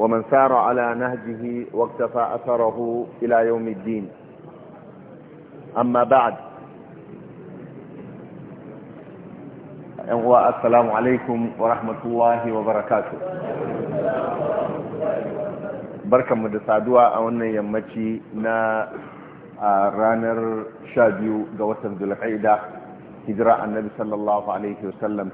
ومن سار على نهجه واكتفى أثره إلى يوم الدين أما بعد السلام عليكم ورحمة الله وبركاته barkan mu da saduwa a wannan yammaci na a ranar sha biyu ga watan zulqa'ida hijira annabi sallallahu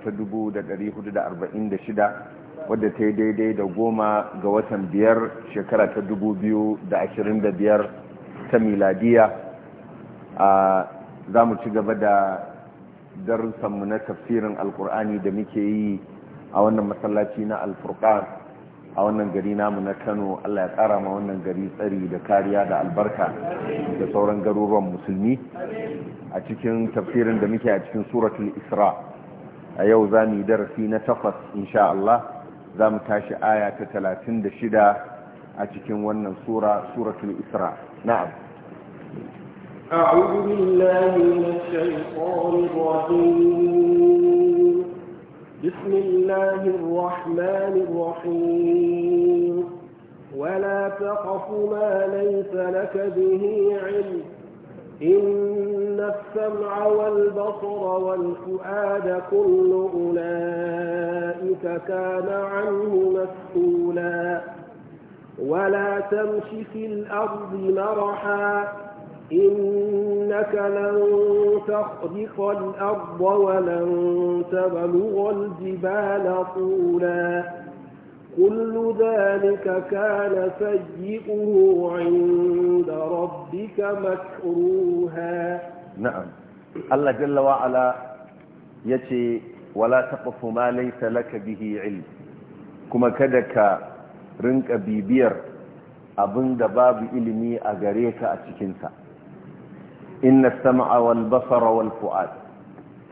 ta dubu da ɗari hudu da arba'in da shida wadda ta yi daidai da goma ga watan biyar shekara ta dubu biyu da ashirin da biyar ta miladiya a za mu ci gaba da darussanmu na tafsirin alkur'ani da muke yi a wannan masallaci na alfurka a wannan gari namu na kano allah ya tsara ma wannan gari tsari da kariya da albarka da sauran garuruwan musulmi a cikin tafsirin da muke a cikin suratul isra a yau za mu yi darasi na takwas insha Allah za mu tashi aya ta shida a cikin wannan sura suratul isra na'am a'udhu billahi minash shaitanir rajim bismillahir rahmanir rahim wala taqfu ma laysa laka bihi 'ilm إن السمع والبصر والفؤاد كل أولئك كان عنه مسؤولا ولا تمش في الأرض مرحا إنك لن تخرق الأرض ولن تبلغ الجبال طولا كل ذلك كان سيئه عند ربك مكروها نعم الله جل وعلا يتي ولا تقف ما ليس لك به علم كما كدك رنك بيبير abin da babu ilimi a gare ka a cikinsa inna sama'a wal basara wal fu'ad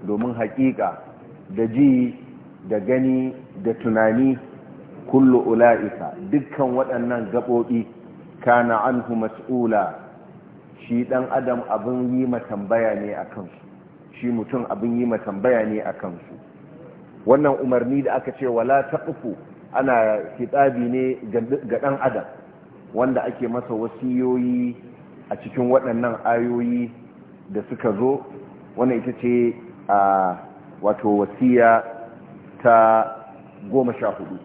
domin haƙiƙa da ji da gani da tunani kullu ula'ika dukkan waɗannan gaɓoɓi kana anhu mas'ula shi ɗan adam abin yi tambaya ne a kansu shi mutum abin yi tambaya ne a kansu wannan umarni da aka ce wala taqfu ana kitabi ne ga ɗan adam wanda ake masa wasiyoyi a cikin waɗannan ayoyi da suka zo wannan ita ce a wato wasiya ta goma sha hudu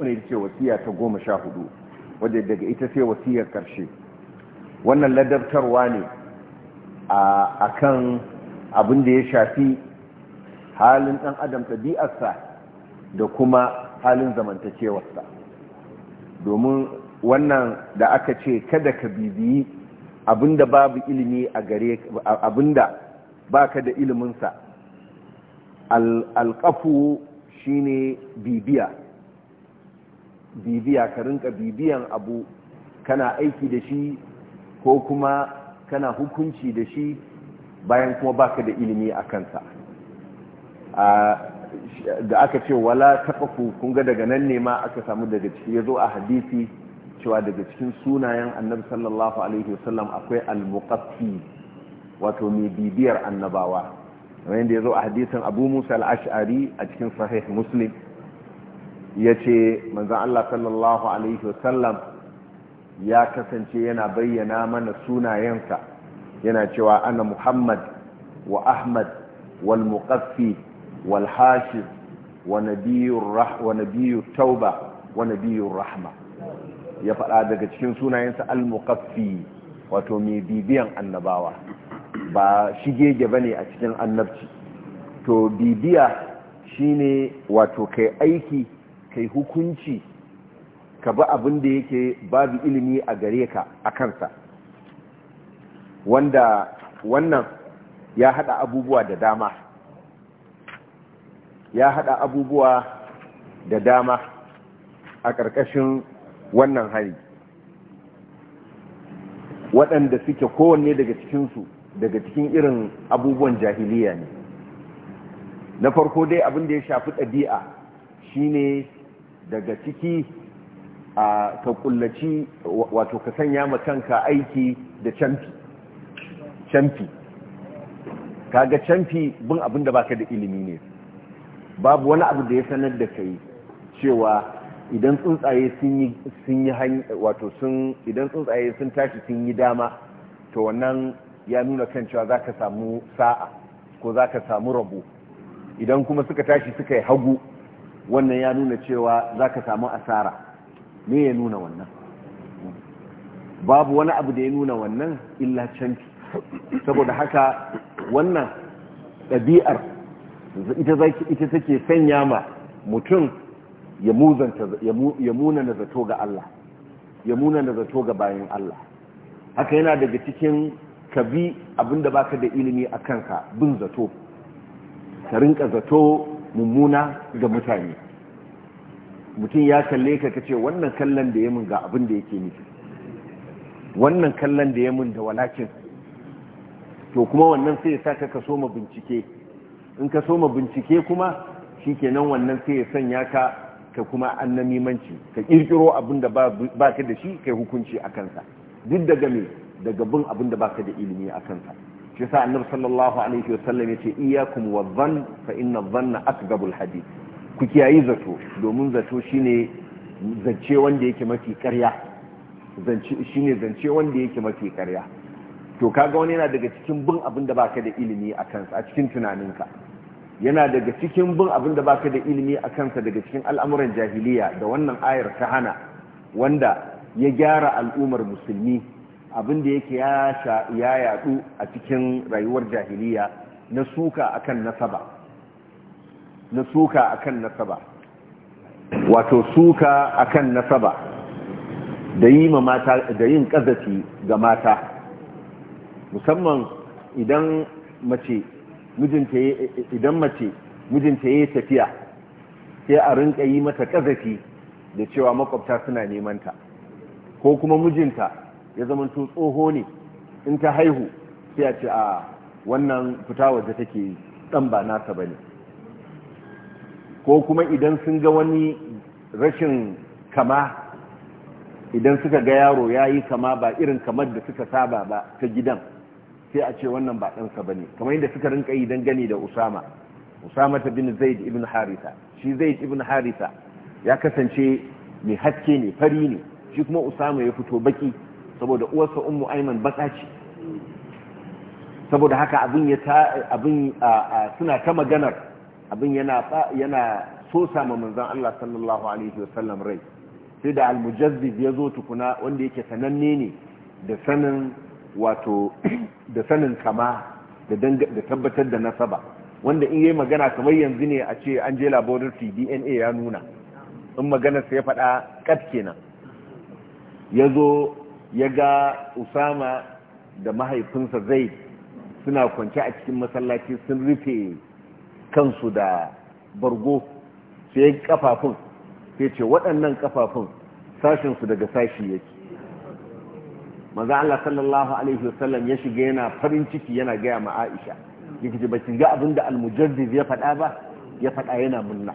wani ya ce wasiya ta goma sha hudu wadda daga ita sai wasiyar karshe wannan ladabtarwa ne a kan abin da ya shafi halin ɗan adam ɗabi'arsa da kuma halin zamantakewarsa domin wannan da aka ce kada ka bibiyi abinda babu ilimi a gare abinda baka da iliminsa alƙafu shine bibiya bibiya ka rinka bibiyan abu kana aiki da shi ko kuma kana hukunci da shi bayan kuma baka da ilimi a kansa da aka ce wala taqafu kun ga daga nan ne ma aka samu daga ciki zo a hadisi cewa daga cikin sunayen annabi sallallahu alaihi wasallam akwai al wato mai bibiyar annabawa wanda ya yazo a hadisin Abu Musa al-Ash'ari a cikin sahih Muslim ya ce manzan Allah sallallahu Alaihi wasallam ya kasance yana bayyana mana sunayensa yana cewa ana Muhammad wa Ahmad wal muqaffi wal hashir wa nabiyu tauba wa nabiyu rahma ya faɗa daga cikin sunayensa al muqaffi wato mai bibiyan annabawa ba shigege ne a cikin annabci to bibiya shine wato kai aiki kai hukunci ka ba abin da yake babu ilimi a gare ka a kansa wanda wannan ya hada abubuwa da dama ya hada abubuwa da dama a ƙarƙashin wannan hari waɗanda suke kowanne daga cikinsu daga cikin irin abubuwan jahiliya ne na farko dai abin da ya shafi ɗabi'a shine daga ciki a ka kullaci wato ka sanya ma kanka aiki da canfi canfi kaga canfi bin abin da baka da ilimi ne babu wani abu da ya sanar da kai cewa idan tsuntsaye sun yi wato sun idan tsuntsaye sun tashi sun yi dama to wannan ya nuna kan cewa za ka samu sa'a ko za ka samu rabo idan kuma suka tashi suka yi hagu wannan ya nuna cewa za ka samu asara ne ya nuna wannan babu wani abu da ya nuna wannan illa canki saboda haka wannan ɗabi'ar ita take sanya ma mutum ya muna na zato ga Allah ya muna na zato ga bayan Allah haka yana daga cikin ka bi abinda baka da ilimi a kanka bin zato ka rinka zato mummuna ga mutane mutum ya kalle ka kace wannan kallon da ya mun ga abin da yake nufi wannan kallon da ya mun da walakin to kuma wannan sai ya saka ka soma bincike in ka soma bincike kuma shikenan wannan sai ya sanya ka ka kuma annamimanci ka kirkiro abin da ba ka da shi kai hukunci a kansa duk daga me daga bin abin da ba ka da ilimi a kansa shi yasa annabi sallallahu alaihi wasallam yace iyyakum wadh-dhann fa inna adh-dhanna akdabul hadith ku kiyayi zato domin zato shine zance wanda yake mafi ƙarya zance shine zance wanda yake mafi ƙarya to kaga wani yana daga cikin bin abin da baka da ilimi a kansa a cikin tunaninka yana daga cikin bin abin da baka da ilimi a kansa daga cikin al'amuran jahiliya da wannan ayar ta hana wanda ya gyara al'ummar musulmi abin da yake ya yadu a cikin rayuwar jahiliya na suka akan nasaba na suka akan nasaba wato suka akan nasaba da yi ma mata da yin kazafi ga mata musamman idan mace mijinta idan mace mijinta yayi tafiya sai a rinka yi mata kazafi da cewa makwabta suna neman ta ko kuma mijinta ya zamanto tsoho ne in ta haihu sai a ce a wannan fita waje take dan ba nasa bane ko kuma idan sun ga wani rashin kama idan suka ga yaro ya yi kama ba irin kamar da suka saba ba ta gidan sai a ce wannan ba ɗansa ba ne kamar yadda suka rinka yi gani da usama usama ta bin zaid ibn harisa shi zaid ibn harisa ya kasance mai haske ne fari ne shi kuma usama ya fito baki saboda uwarsa ummu aiman baka ce saboda haka abin ya ta abin suna ta maganar abin yana yana so sama manzon Allah sallallahu alaihi wasallam rai sai da al mujaddid ya zo tukuna wanda yake sananne ne da sanin wato da sanin kama da da tabbatar da nasaba wanda in yayi magana kamar yanzu ne a ce an je laboratory DNA ya nuna in magana sai ya faɗa kat kenan ya zo ya ga usama da mahaifinsa zai suna kwance a cikin masallaci sun rufe kansu da bargo sai kafafun sai ce waɗannan kafafun sashensu daga sashi yake maza Allah sallallahu alaihi wasallam ya shiga yana farin ciki yana gaya ma Aisha yake ce baki ga abin da mujarrid ya faɗa ba ya faɗa yana munna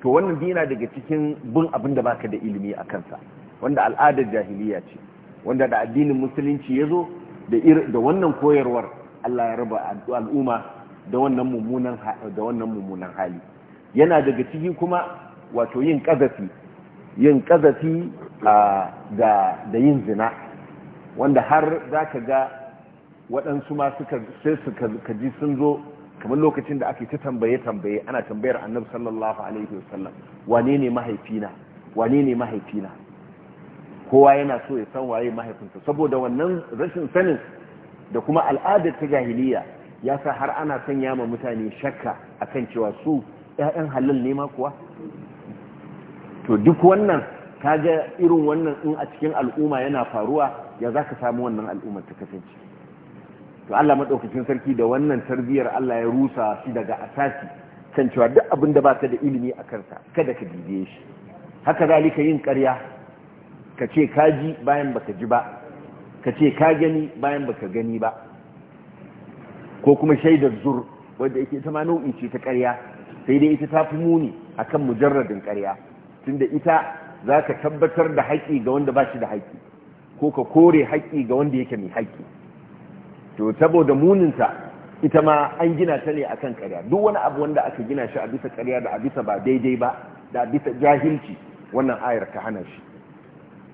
to wannan dina daga cikin bin abin abinda baka da ilimi a kansa wanda al'adar jahiliya ce wanda da addinin musulunci ya zo da wannan koyarwar Allah ya raba al'umma da wannan mummunan hali yana daga cikin kuma wato yin kazafi yin kazafi da yin zina wanda har zaka ga waɗansu ma suka sai suka kaji sun zo kamar lokacin da ake ta tambaye tambaye ana tambayar annabi sallallahu alaihi wasallam wane ne mahaifina wane ne mahaifina kowa yana so ya san waye mahaifinsa saboda wannan rashin sanin da kuma al'adar ta jahiliya ya sa har ana sanya ma mutane shakka akan cewa su ‘ya'yan halal ne ma kuwa to duk wannan kaga irin wannan in a cikin al'umma yana faruwa ya za samu wannan al'ummar ta kasance to Allah maɗaukacin sarki da wannan tarbiyyar Allah ya rusa shi daga asasi kan cewa duk abin da ba da ilimi a kansa kada ka dije shi haka zalika yin ƙarya ka ce ka ji bayan baka ji ba ka ce ka gani bayan baka gani ba ko kuma shaidar zur wadda yake ta ma nau'in ce ta karya sai dai ita ta fi muni akan mujarradin ƙarya tunda ita za ka tabbatar da haƙƙi ga wanda ba shi da haƙƙi ko ka kore haƙƙi ga wanda yake mai haƙƙi to saboda muninsa ita ma an gina ta ne akan karya duk wani abu wanda aka gina shi a bisa karya da a bisa ba daidai ba da a bisa jahilci wannan ayar ka hana shi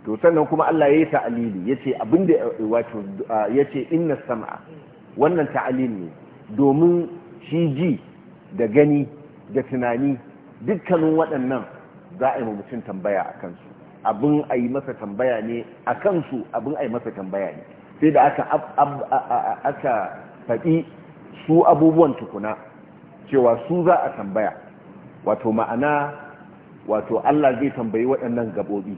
to sannan kuma Allah ya yi ta'alili ya ce abinda wato ya ce inna sam'a wannan ta'alili ne domin shi ji da gani da tunani dukkanin waɗannan za a yi mutum tambaya a kansu abin a yi masa tambaya ne a kansu abin a yi masa tambaya ne sai da aka faɗi su abubuwan tukuna cewa su za a tambaya wato ma'ana wato Allah zai tambayi waɗannan gaɓoɓi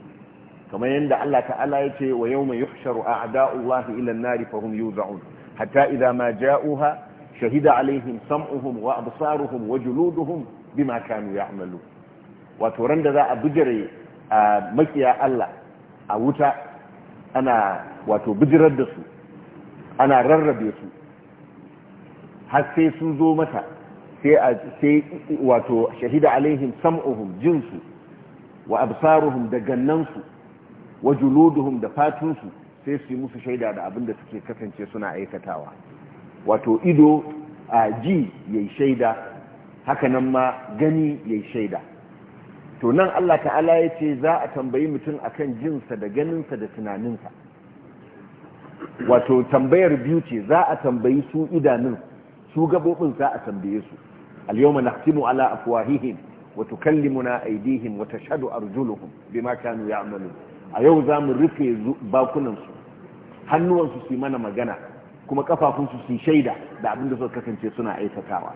kamar yadda Allah ta'ala ya ce wa yawma yuhsharu a'da'ullahi ila an-nari fa hum yuz'un hatta idza ma ja'uha shahida alaihim sam'uhum wa absaruhum wa juluduhum bima kanu ya'malu wato ran da za a bijire a makiya Allah a wuta ana wato bijirar da su ana rarrabe su har sai sun zo mata sai wato shahida alaihim sam'uhum jinsu wa absaruhum da gannansu wa juluduhum da fatunsu sai su yi musu shaida da abin da suke kasance suna aikatawa wato ido a ji yayi shaida haka nan ma gani yayi shaida to nan Allah ta'ala ya ce za a tambayi mutum akan jinsa da ganinsa da tunaninsa wato tambayar biyu ce za a tambayi su idanun su gabobin za a tambaye su al-yawma nahtimu ala afwahihim wa tukallimuna aydihim wa tashhadu arjuluhum bima kanu ya'malun a yau za mu rufe bakunansu hannuwansu su yi mana magana kuma kafafunsu su shaida da abin da suka kasance suna aikatawa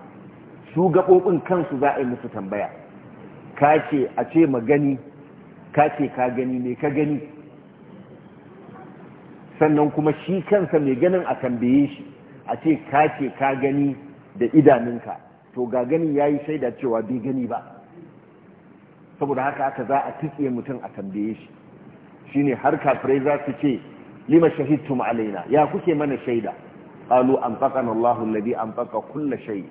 su gaɓoɓin kansu za a yi musu tambaya ka ce a ce magani ka ce ka gani ne ka gani sannan kuma shi kansa mai ganin a tambaye shi a ce ka ce ka gani da idanunka to ga gani ya yi shaida cewa bai gani ba saboda haka haka za a tutse mutum a tambaye shi ne har kafirai za su ce lima shahidtu alaina ya kuke mana shaida an qalu na Allahu an anfaqa kulla shai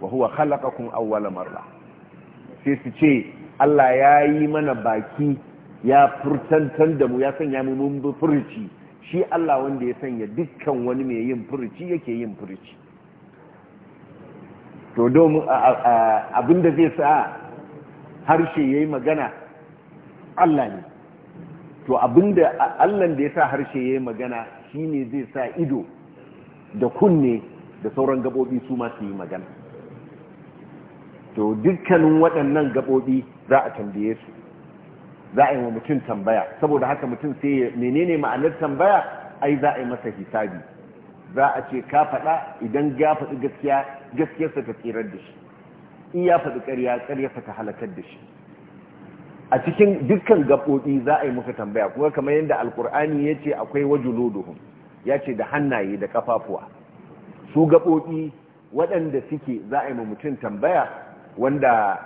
wa huwa kun awwala marra sai su ce Allah ya yi mana baki ya furtantar da mu ya sanya mu mun furci shi Allah wanda ya sanya dukkan wani mai yin furci yake yin furci to domin abinda zai sa harshe ya yi magana Allah ne to abinda allan da ya sa harshe ya yi magana shine zai sa ido da kunne da sauran gabobi su ma su yi magana to dukkanin waɗannan gabobi za a tambaye su za a yi wa mutum tambaya saboda haka mutum sai ya menene ma'anar tambaya ai za a yi masa hisabi za a ce ka faɗa idan ya faɗi gaskiya gaskiyarsa ta tsirar da shi in ya faɗi ƙarya ƙaryarsa ta halakar da shi a cikin dukkan gaɓoɓi za a yi muka tambaya kuma kamar yadda alkur'ani ya ce akwai wajuluduhum ya ce da hannaye da kafafuwa su gaɓoɓi waɗanda suke za a yi ma mutum tambaya wanda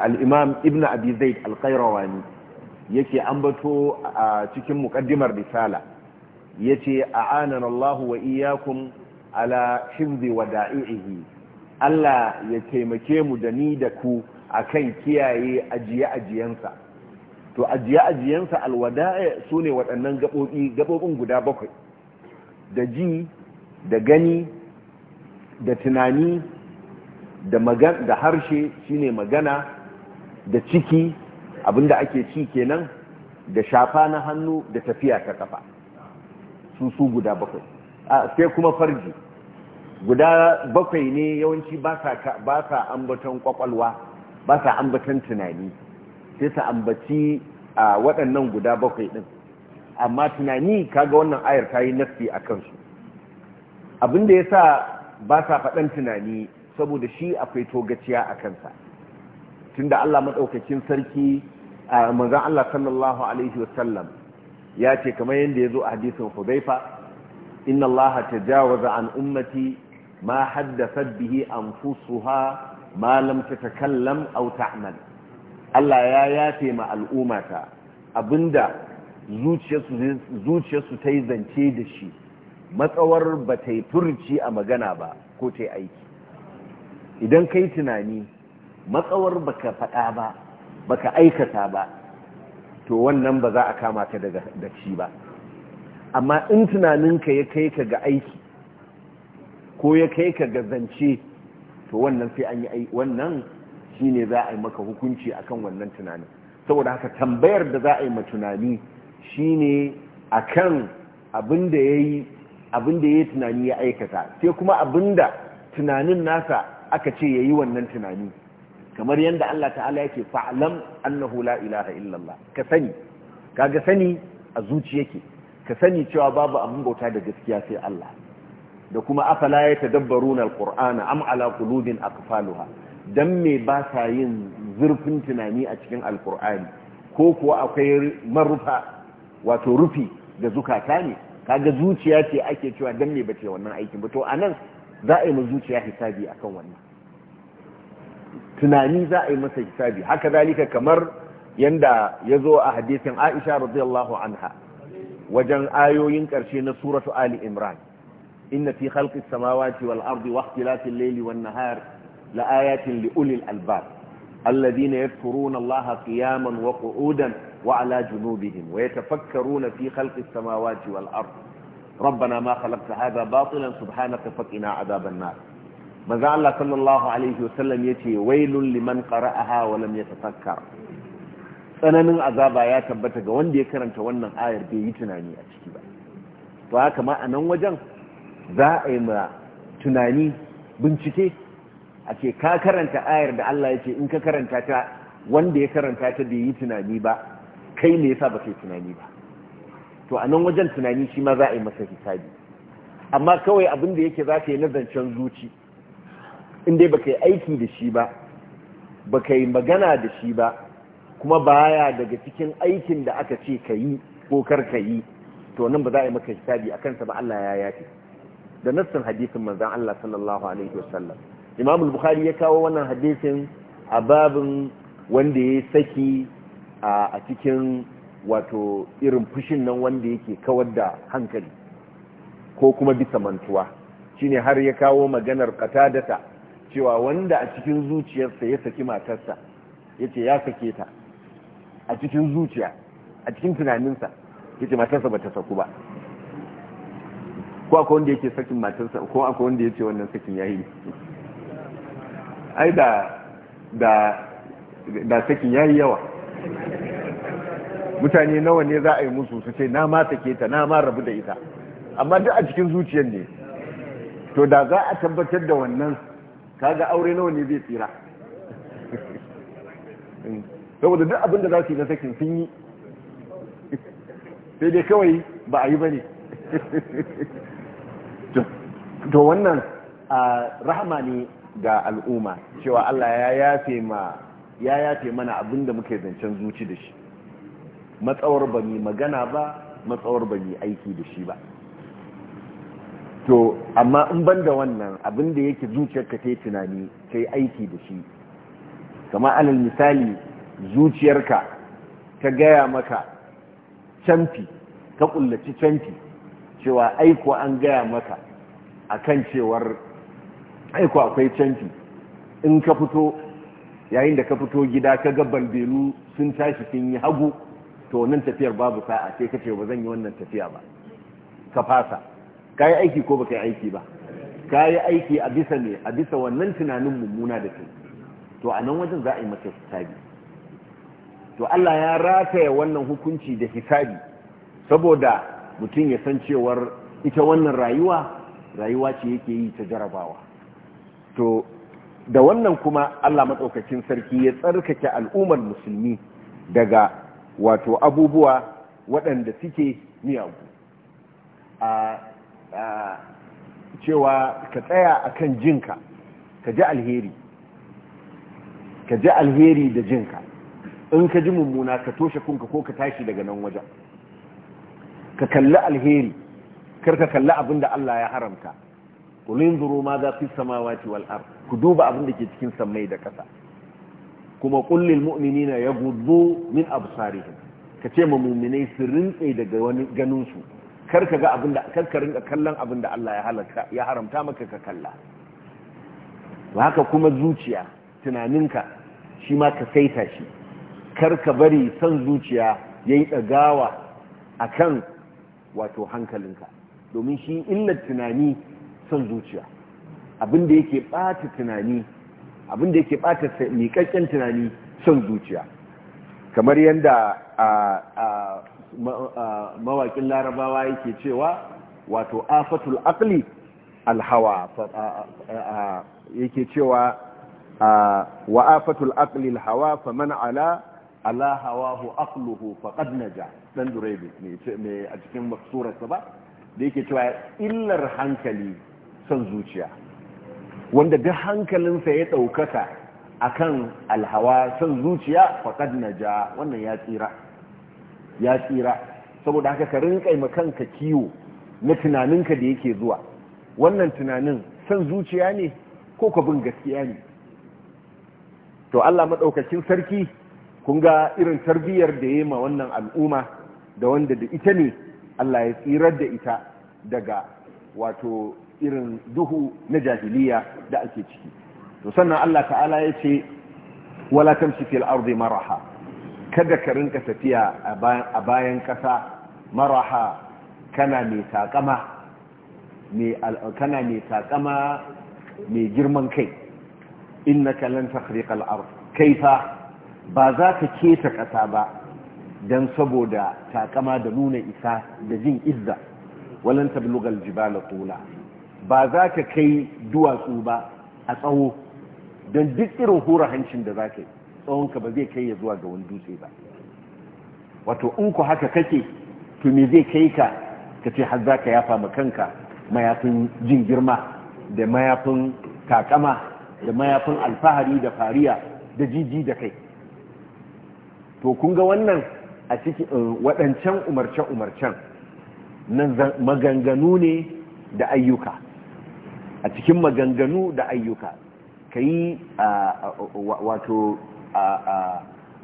al'imam ibn abi zaid alkairawani yake ambato a cikin muƙaddimar risala ya ce a anan allahu wa iyakun ala shimzi wa da'i'ihi allah ya taimake mu da ni da ku a kan kiyaye ajiye-ajiyensa to ajiye-ajiyensa alwada'a su ne waɗannan gaɓoɓin guda bakwai da ji da gani da tunani da harshe shine magana da ciki abinda ake ci kenan da shafa na hannu da tafiya ta kafa su su guda bakwai sai kuma farji guda bakwai ne yawanci ba sa ambaton kwakwalwa ba sa ambatan tunani sai sa ambaci a waɗannan guda bakwai ɗin amma tunani kaga wannan ayar ta yi nafi a kansu abinda ya sa ba sa faɗan tunani saboda shi akwai togaciya a kansa tunda Allah maɗaukakin sarki a manzan Allah sallallahu alaihi wasallam ya ce kamar yadda ya zo a hadisin hudaifa inna Allah jawaza an ummati ma haddasa bihi fusuha. malam ta takallam au ta'mal Allah ya yafe ma al’umata abinda zuciyarsu zuciyarsu ta yi zance da shi matsawar ba ta yi furci a magana ba ko ta yi aiki idan ka yi tunani matsawar ba ka faɗa ba ba ka aikata ba to wannan ba za a kama ka daga shi ba amma in tunaninka ya kai ka ga aiki ko ya kai ka ga zance to wannan sai an yi wannan shine za a yi maka hukunci akan wannan tunanin saboda haka tambayar da za a yi ma tunani shine akan abin da yayi abin tunani ya aikata sai kuma abin da tunanin nasa aka ce yayi wannan tunani kamar yadda Allah ta'ala yake fa'lam annahu la ilaha illallah ka sani kaga sani a zuci yake ka sani cewa babu abin bauta da gaskiya sai Allah da kuma afala ya tadabbaruna alqur'ana am ala qulubin aqfaluha Don me ba sa yin zurfin tunani a cikin alqur'ani ko kuwa akwai marufa wato rufi da zukata ne kaga zuciya ce ake cewa dan me bace wannan aikin ba to anan za a yi ma zuciya hisabi akan wannan tunani za a yi masa hisabi haka zalika kamar yanda ya zo a hadisin Aisha radiyallahu anha wajen ayoyin ƙarshe na suratu Ali Imran inna fi khalqis samawati wal ardi wa ikhtilafil layli wan nahar la ayatin li ulil albab alladhina yadhkuruna allaha qiyaman wa qu'udan wa ربنا ما خلقت هذا باطلا سبحانك فقنا عذاب النار ماذا الله صلى الله عليه وسلم يتي ويل لمن قرأها ولم يتفكر tsananin azaba ya tabbata ga wanda ya karanta wannan ayar bai yi tunani a ciki ba to haka ma a nan wajen za a yi ma tunani bincike a ce ka karanta ayar da Allah ya ce in ka karanta ta wanda ya karanta ta da yi tunani ba kai me yasa ba kai tunani ba to a nan wajen tunani shi ma za a yi masa hisabi amma kawai abin da yake za ka yi nazancen zuci in dai ba ka yi aiki da shi ba ba ka yi magana da shi ba kuma baya daga cikin aikin da aka ce ka yi ko kar ka yi to nan ba za a yi maka hisabi a kansa ba Allah ya yafe da nassin hadisin manzon Allah sallallahu alaihi wasallam Imam al-Bukhari ya kawo wannan hadisin a babin wanda ya saki a cikin wato irin fushin nan wanda yake kawar da hankali ko kuma bisa mantuwa shine har ya kawo maganar qatadata cewa wanda a cikin zuciyarsa ya saki matarsa yace ya sake ta a cikin zuciya a cikin tunaninsa yace matarsa bata saku ba ko akwai wanda yake sakin matarsa ko akwai wanda yake wannan sakin yayi ai da da da sakin yayi yawa mutane nawa ne za a yi musu su ce na ma take ta na ma rabu da ita amma duk a cikin zuciyar ne to da za a tabbatar da wannan kaga aure nawa ne zai tsira saboda duk abin da za su yi na sakin sun yi sai dai kawai ba a yi ba ne to wannan rahama ne ga al'umma cewa Allah ya yafe mana abinda muke zancen zuci da shi matsawar ba magana ba matsawar ba aiki da shi ba to amma in ban da wannan abinda yake zuciyarka ta yi tunani yi aiki da shi kama alal misali zuciyarka ta gaya maka canfi ta kullaci canfi cewa aiko an gaya maka a kan cewar aiko akwai canji in ka fito yayin da ka fito gida ka ga balbelu sun tashi sun yi hagu to nan tafiyar babu sa'a sai ka ce ba zan yi wannan tafiya ba ka fasa ka yi aiki ko ba ka yi aiki ba ka yi aiki a bisa ne a bisa wannan tunanin mummuna da ke to a nan wajen za a yi maka hisabi to Allah ya rataya wannan hukunci da hisabi saboda mutum ya san cewar ita wannan rayuwa rayuwa ce yake yi ta jarabawa to da wannan kuma Allah matsaukakin sarki ya tsarkake al'ummar musulmi daga wato abubuwa waɗanda suke miyagu a cewa ka tsaya a kan jinka ka ji alheri ka ji alheri da jinka in ka ji mummuna ka toshe kunka ko ka tashi daga nan wajen ka kalli alheri kar ka kalli abin da Allah ya haramta qul inzuru ma za fi samawati wal ku duba abin da ke cikin sammai da ƙasa kuma qul lil ya gudu min absarihim ka ce ma mu'minai su rintse daga wani ganin su kar ka ga abin da rinka kallon abin da Allah ya haramta maka ka kalla haka kuma zuciya tunaninka shi ma ka saita shi kar ka bari son zuciya yayi dagawa akan wato hankalinka domin shi illar tunani son zuciya abinda yake bata tunani abinda yake ɓata miƙaƙƙen tunani son zuciya kamar yadda mawaƙin larabawa yake cewa wato afatul aqli alhawa yake cewa wa afatul aqli alhawa man ala ala hawahu aqluhu faqad naja dan duraybi ne a cikin surarsa ba da yake cewa illar hankali son zuciya wanda duk hankalinsa ya daukaka akan alhawa son zuciya faqad naja wannan ya tsira ya tsira saboda haka ka rinka ma kanka kiwo na tunanin ka da yake zuwa wannan tunanin son zuciya ne ko ka bin gaskiya ne to Allah madaukakin sarki kun ga irin tarbiyyar da ya ma wannan al'umma da wanda da ita ne Allah ya tsirar da ita daga wato irin duhu na jahiliya da ake ciki to sannan Allah ta'ala ya ce wala tamshi fil ardi maraha kada ka rinka tafiya a bayan kasa maraha kana mai takama mai kana mai takama mai girman kai innaka kallon takhriqa al-ard ba za ka keta ƙasa ba don saboda takama da nuna isa da jin izza walanta tablugal jibala tula ba za ka kai duwatsu ba a tsawo don duk irin hura hancin da za ka yi tsawonka ba zai kai ya zuwa ga wani dutse ba wato in ku haka kake to me zai kai ka ka ce har za ka yafa ma kanka mayafin jin girma da mayafin takama da mayafin alfahari da fariya da jiji da kai to kun ga wannan a ciki eh, waɗancan umarce-umarcen na maganganu ne da ayyuka a cikin maganganu da ayyuka ka yi wato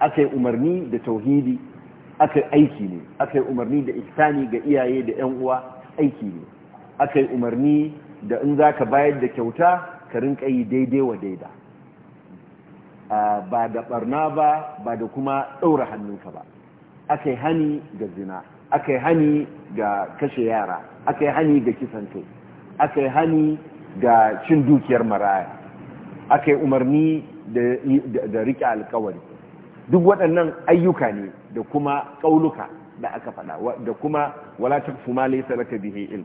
aka yi umarni da tauhidi aka aiki ne aka yi umarni da ihsani ga iyaye da 'yan uwa aiki ne aka yi umarni da in za ka bayar da kyauta ka rinka yi daidai wa daidai. ba da barna ba ba da kuma ɗaura hannunka ba aka yi hani ga zina aka yi hani ga kashe yara aka yi hani ga kisan kai aka yi hani ga cin dukiyar maraya aka yi umarni da Rike alkawari duk waɗannan ayyuka ne da kuma ƙauluka da aka faɗa da kuma walatar taqfu ma laysa laka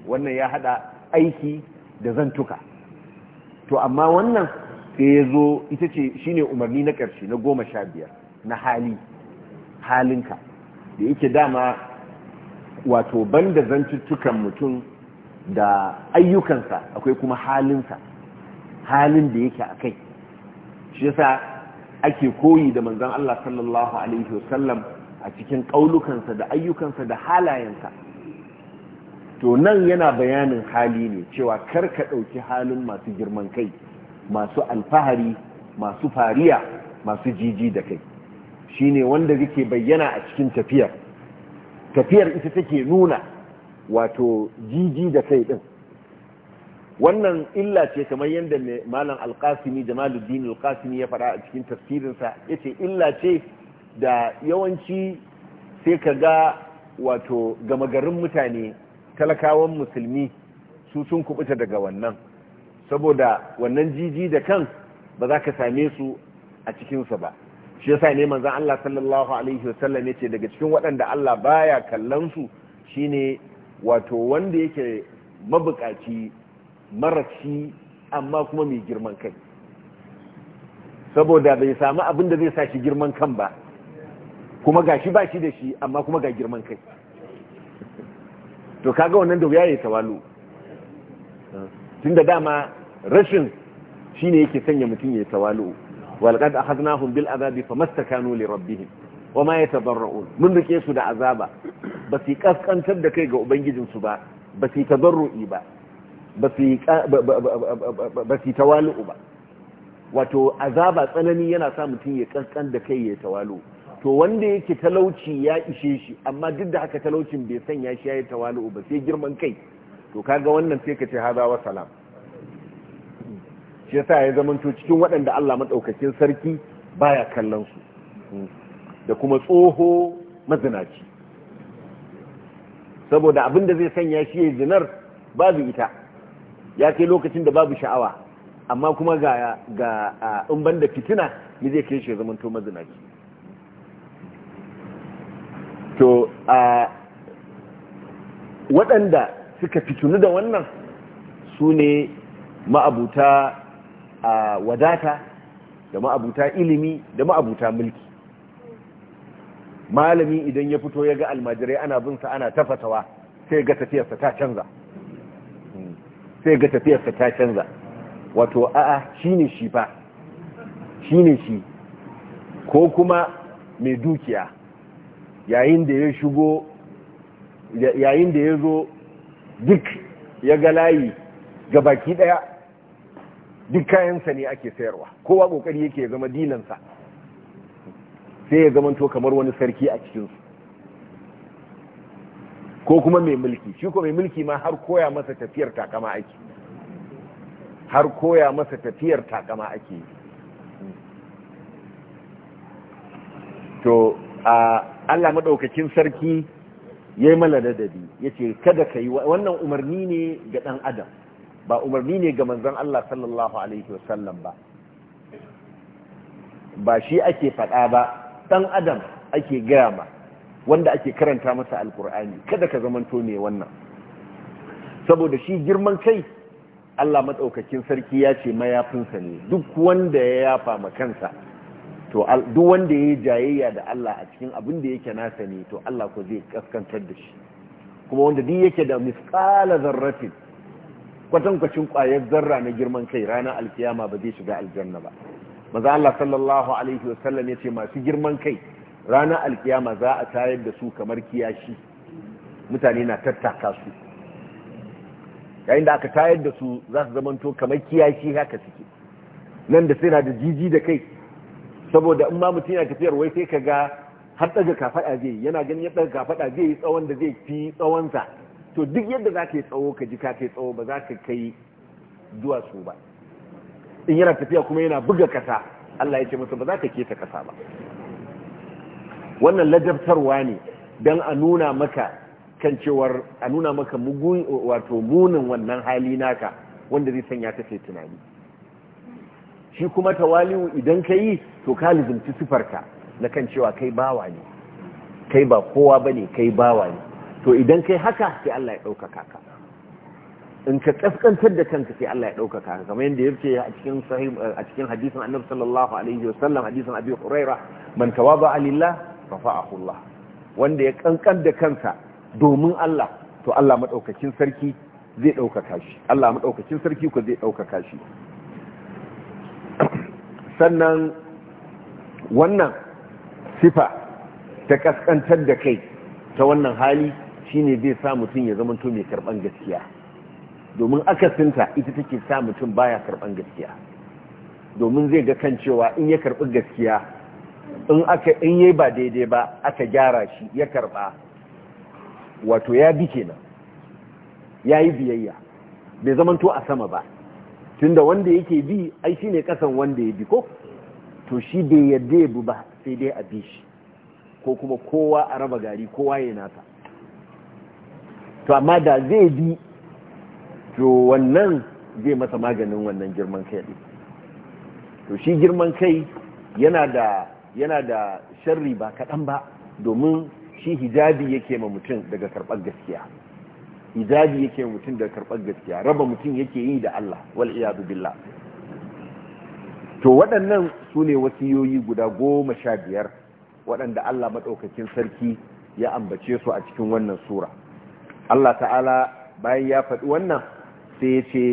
wannan ya haɗa aiki da zantuka to amma wannan sai ya zo ita ce shi ne umarni na ƙarshe na goma sha biyar na hali halinka da yake dama wato ban banda zantuttukan mutum da ayyukansa akwai kuma halinsa halin da yake a kai shi yasa ake koyi da manzan Allah sallallahu Alaihi wasallam a cikin ƙaulukansa da ayyukansa da halayensa to nan yana bayanin hali ne cewa kar ka ɗauki halin masu girman kai masu alfahari masu fariya masu jiji da kai shine wanda yake bayyana a cikin tafiyar tafiyar ita take nuna wato jiji da kai din wannan illa ce kamar yadda malam alkasimi jamaluddin alkasimi ya faɗa a cikin tafsirinsa ya ce illa ce da yawanci sai ka ga wato gama garin mutane talakawan musulmi su sun kubuta daga wannan saboda wannan jiji da kan ba za ka same su a cikinsa ba shi yasa ne manzan Allah sallallahu alaihi wasallam ce daga cikin waɗanda Allah baya kallon su ne wato wanda yake mabukaci marashi amma kuma mai girman kai saboda bai samu abin da zai sa shi girman kan ba kuma ga shi ba shi da shi amma kuma ga girman kai to kaga wannan da wuya ya yi tawalu tun da dama rashin shi ne yake sanya mutum ya tawalu walqad akhadnahum bil azabi famastakanu li rabbihim wama yatadarrun mun rike su da azaba ba su kaskantar da kai ga ubangijin su ba ba su tadarrui ba ba su ba su tawalu ba wato azaba tsanani yana sa mutum ya kaskan da kai ya tawalu to wanda yake talauci ya ishe shi amma duk da haka talaucin bai sanya shi ya yi tawalu ba sai girman kai to kaga wannan sai ka ce hada wa salam shi sa ya zamanto cikin waɗanda Allah maɗaukakin sarki baya kallon su da kuma tsoho mazinaci saboda abin da zai sanya shi ya zinar babu ita ya kai lokacin da babu sha'awa amma kuma ga in in banda fitina ne zai kai shi ya zamanto mazinaci to a waɗanda suka fitunu da wannan su ne ma'abuta a wadata da ma'abuta ilimi da ma'abuta mulki malami idan ya fito ya ga almajirai ana bin sa ana tafatawa sai ga tafiyarsa ta canza hmm. sai ga tafiyarsa ta canza wato a'a shine shi fa shine shi ko kuma mai dukiya yayin da ya shigo yayin da ya zo duk ya ga layi ga baki daya duk kayansa ne ake sayarwa kowa kokari yake zama dilansa sai ya zamanto kamar wani sarki a cikinsu ko kuma mai mulki shi ko mai mulki ma har koya masa tafiyar takama ake har koya masa tafiyar takama ake to a allah maɗaukakin sarki ya yi mala dadadi ya ce kada ka yi wannan umarni ne ga ɗan adam ba umarni ne ga manzon Allah sallallahu alaihi wasallam ba ba shi ake faɗa ba ɗan adam ake gaya ma wanda ake karanta masa alkur'ani kada ka zamanto ne wannan saboda shi girman kai Allah matsaukakin sarki ya ce mayafinsa ne duk wanda ya yafa ma kansa to duk wanda ya jayayya da Allah a cikin abin da yake nasa ne to Allah ko zai kaskantar da shi kuma wanda duk yake da misqala zarratin kwatankwacin kwayar zarra na girman kai ranar alkiyama ba zai shiga aljanna ba maza Allah sallallahu alaihi wasallam ya ce masu girman kai ranar alkiyama za a tayar da su kamar kiyashi mutane na tattaka su yayin da aka tayar da su za su zamanto kamar kiyashi haka suke nan da sai na da jiji da kai saboda in ma mutum yana tafiyar wai sai ka ga har ɗaga kafaɗa zai yana ganin ya ɗaga kafaɗa zai yi tsawon da zai fi tsawonsa to duk yadda za ka yi tsawo ka ji ka kai tsawo ba za ka kai duwatsu ba in yana tafiya kuma yana buga kasa Allah ya ce masa ba za ka keta kasa ba wannan ladabtarwa ne don a nuna maka kan cewar a nuna maka wato munin wannan hali naka wanda zai sanya ka sai tunani shi kuma tawali'u idan ka yi to ka lizimci sifarka na kan cewa kai bawa ne kai ba kowa ba ne kai bawa ne to idan kai haka sai Allah ya ɗaukaka ka in ka kaskantar da kanka sai Allah ya ɗaukaka ka kamar yadda ya ce a cikin sahih a cikin hadisin Annabi sallallahu alaihi wasallam hadisin Abi Huraira man tawaba lillah rafa'ahu Allah wanda ya kankan da kansa domin Allah to Allah madaukakin sarki zai ɗaukaka shi Allah madaukakin sarki ku zai ɗaukaka shi sannan wannan sifa ta kaskantar da kai ta wannan hali shi ne zai sa mutum ya zama mai karban gaskiya domin akasinta ita take sa mutum baya karban gaskiya domin zai ga kan cewa in ya karbi gaskiya in aka in yayi ba daidai ba aka gyara shi ya karba wato ya bi kenan yi biyayya bai zamanto a sama ba tunda wanda yake bi ai shi ne kasan wanda ya bi ko to shi bai yadda ya bi ba sai dai a bi shi ko kuma kowa a raba gari kowa ya nasa to amma da zai bi to wannan zai masa maganin wannan girman kai ne to shi girman kai yana da yana da sharri ba kaɗan ba domin shi hijabi yake ma mutum daga karɓar gaskiya hijabi yake ma mutum daga karɓar gaskiya raba mutum yake yi da Allah wal iyadu billah to waɗannan su ne wasiyoyi guda goma sha biyar waɗanda Allah maɗaukakin sarki ya ambace su a cikin wannan sura Allah ta'ala bayan ya faɗi wannan sai ya ce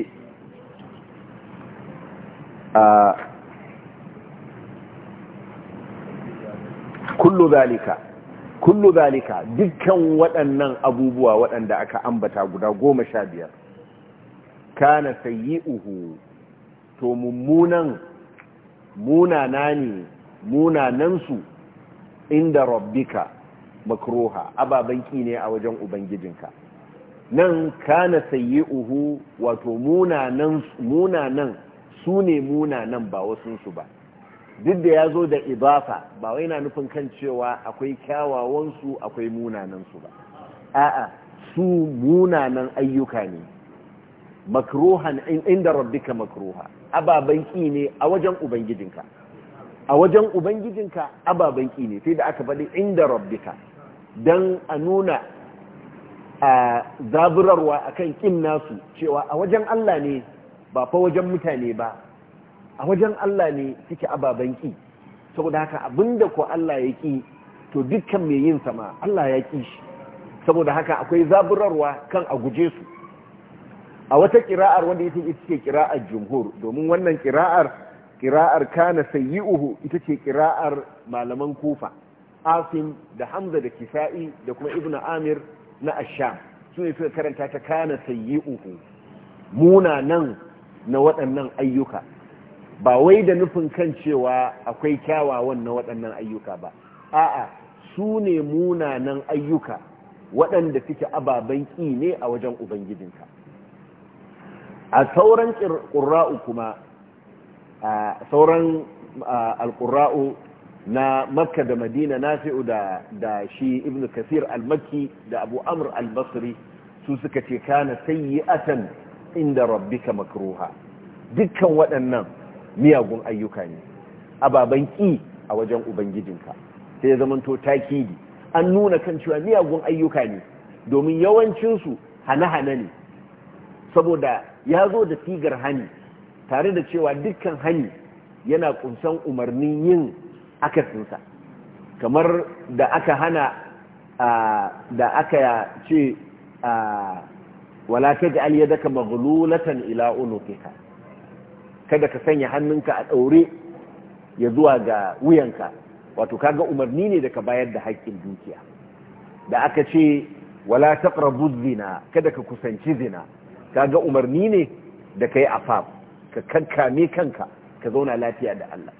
kullu zalika kullu zalika dukkan waɗannan abubuwa waɗanda aka ambata guda goma sha biyar kana uhu, to mummunan munana ne munanansu inda rabbika ababen ababanki ne a wajen ubangijinka nan kana sayi uhu wato munanan nan su ne munanan ba wasunsu ba duk da ya zo da ibafa ba wai na nufin kan cewa akwai kyawawansu akwai munanansu ba a'a su munanan ayyuka ne makrohan inda rabbika makroha ababen ki ne a wajen ubangijinka a wajen ubangijinka ababen ki ne sai da aka faɗi inda rabbika dan a nuna a zaburarwa akan ƙin nasu cewa a wajen Allah ne ba fa wajen mutane ba a wajen Allah ne suke ababen ƙi saboda haka abinda ko Allah ya ƙi to dukkan mai yin sama Allah ya ƙi shi saboda haka akwai zaburarwa kan a guje su a wata ƙira'ar wanda ita ce ƙira'ar jumhur domin wannan ƙira'ar ƙira'ar kana uhu ita ce ƙira'ar malaman kufa asim da hamza da kisa'i da kuma ibnu amir na asham su ne suka karanta ta kana uku. munanan na waɗannan ayyuka ba wai da nufin kan cewa akwai kyawawan na waɗannan ayyuka ba a'a su ne munanan ayyuka waɗanda suke ababen ƙi ne a wajen ubangijinka a sauran ƙura'u kuma a sauran alƙura'u na makka da madina nafi'u da da shi ibn kasir al-makki da abu amr al-basri su suka ce kana sayyi'atan inda rabbika makruha dukkan waɗannan miyagun ayyuka ne ababan ƙi a wajen ubangijinka sai ya zamanto takidi an nuna kan cewa miyagun ayyuka ne domin yawancinsu su hana hane ne saboda ya zo da sigar hani tare da cewa dukkan hani yana kunsan umarnin yin akasinsa kamar da aka hana da aka ce wala ta ji aliyadaka maghlulatan ila unuqika kada ka sanya hannunka a daure ya zuwa ga wuyanka wato kaga umarni ne da bayar da haƙƙin dukiya da aka ce wala ƙarabu zina kada ka kusanci zina kaga umarni ne da ka yi afaf ka kankame kanka ka zauna lafiya da Allah